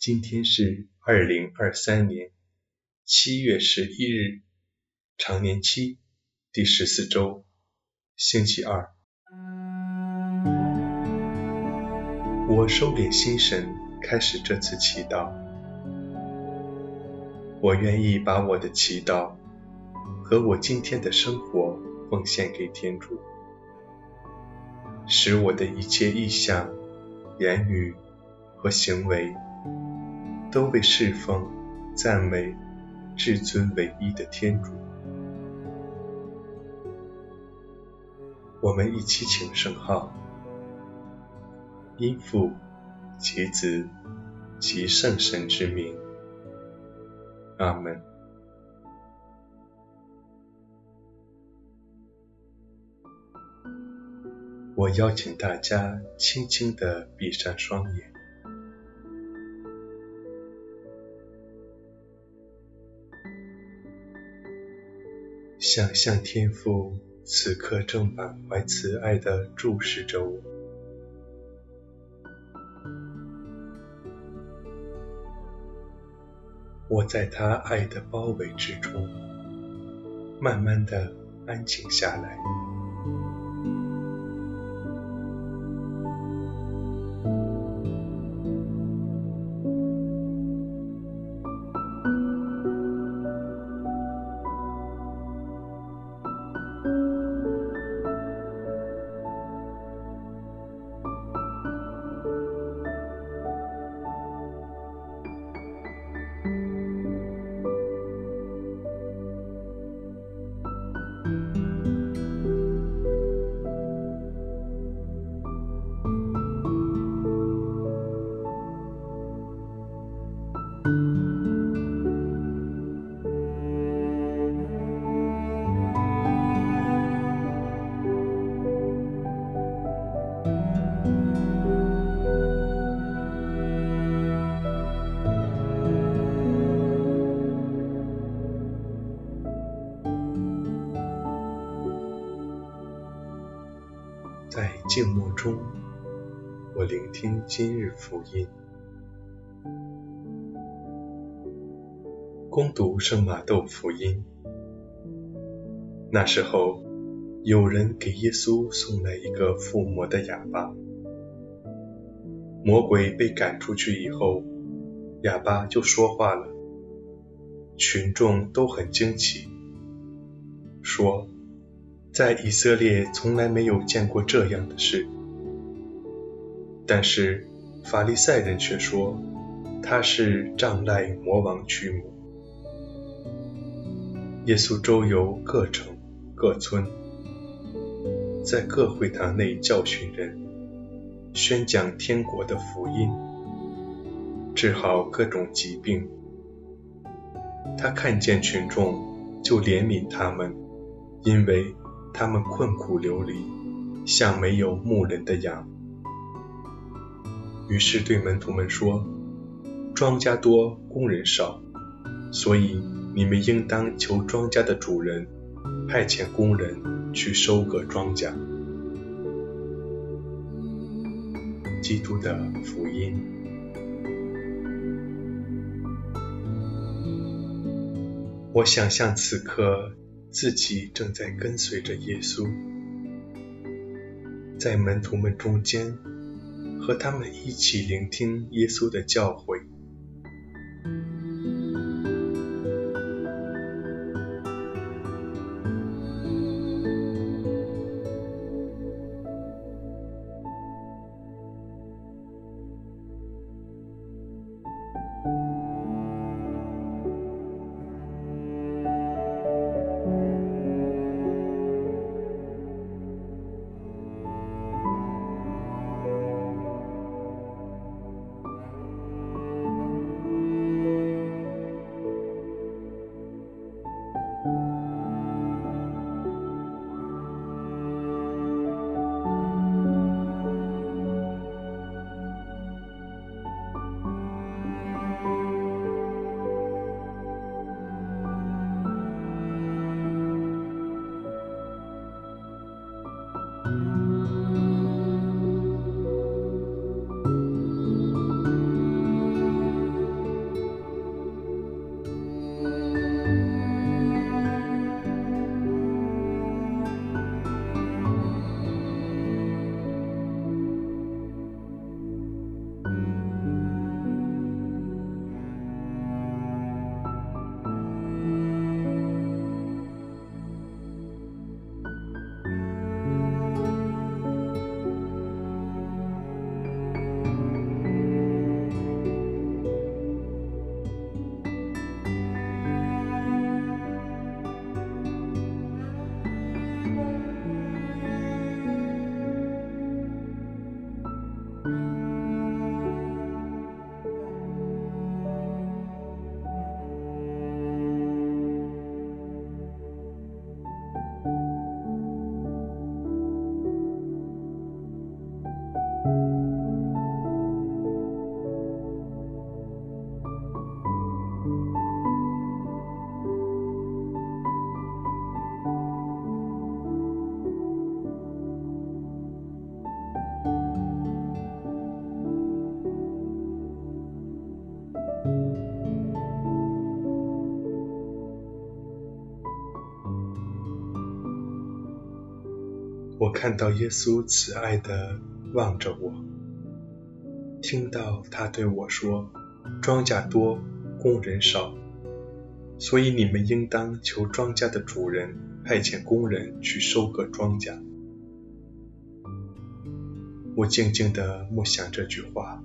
今天是二零二三年七月十一日，常年期第十四周，星期二。我收斂心神，開始這次祈禱。我願意把我的祈禱和我今天的生活奉獻給天主，使我的一切意向、言語和行為。都為侍奉、讚美、至尊唯一的天主。我們一起請聖號，因父及子及聖神之名。阿門。我邀請大家輕輕的閉上雙眼。想象天父此刻正滿懷慈愛的注視着我，我在他愛的包圍之中，慢慢的安靜下來。靜默中，我聆聽今日福音。恭讀聖馬竇福音。那時候，有人給耶穌送來一個附魔的啞巴。魔鬼被趕出去以後，啞巴就說話了。群眾都很驚奇，說。在以色列從來沒有見過這樣的事，但是法利賽人卻說他是仗賴魔王驅魔。耶穌周遊各城各村，在各會堂內教訓人，宣講天國的福音，治好各種疾病。他看見群眾就憐憫他們，因為。他們困苦流離，像沒有牧人的羊。於是對門徒們說：“莊稼多，工人少，所以你們應當求莊稼的主人派遣工人去收割莊稼。”基督的福音。我想象此刻。自己正在跟隨着耶穌，在門徒們中間，和他們一起聆聽耶穌的教誨。我看到耶穌慈愛地望着我，聽到他對我說：“莊稼多，工人少，所以你們應當求莊稼的主人派遣工人去收割莊稼。”我靜靜地默想這句話。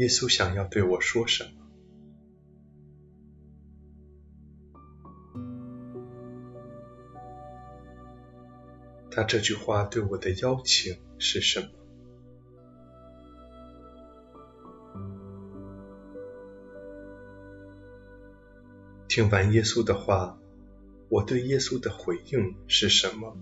耶穌想要對我說什麼？他這句話對我的邀請是什麼？聽完耶穌的話，我對耶穌的回應是什麼？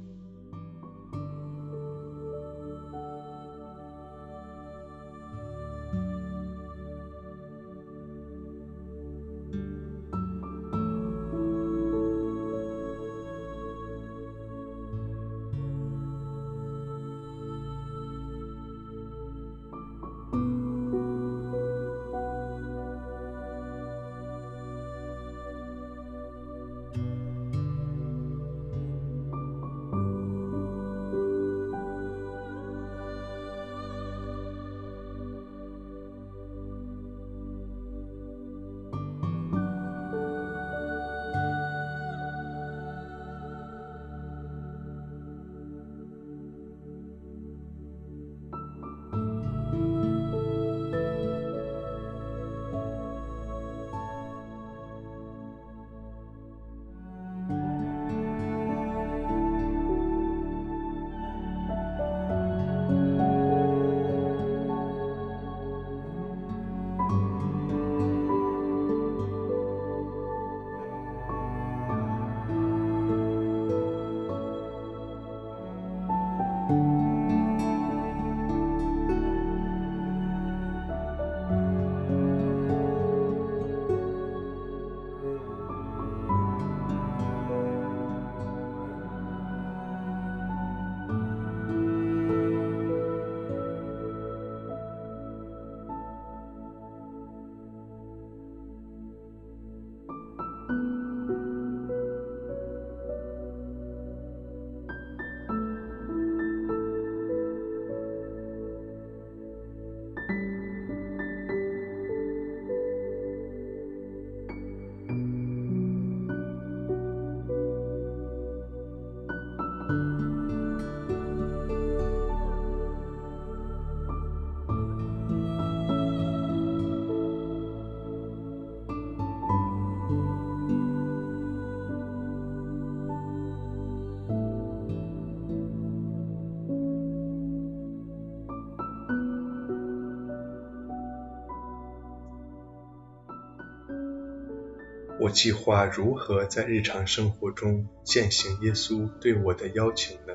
我計劃如何在日常生活中踐行耶穌對我的要求呢？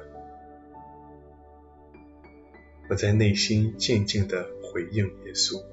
我在內心靜靜地回應耶穌。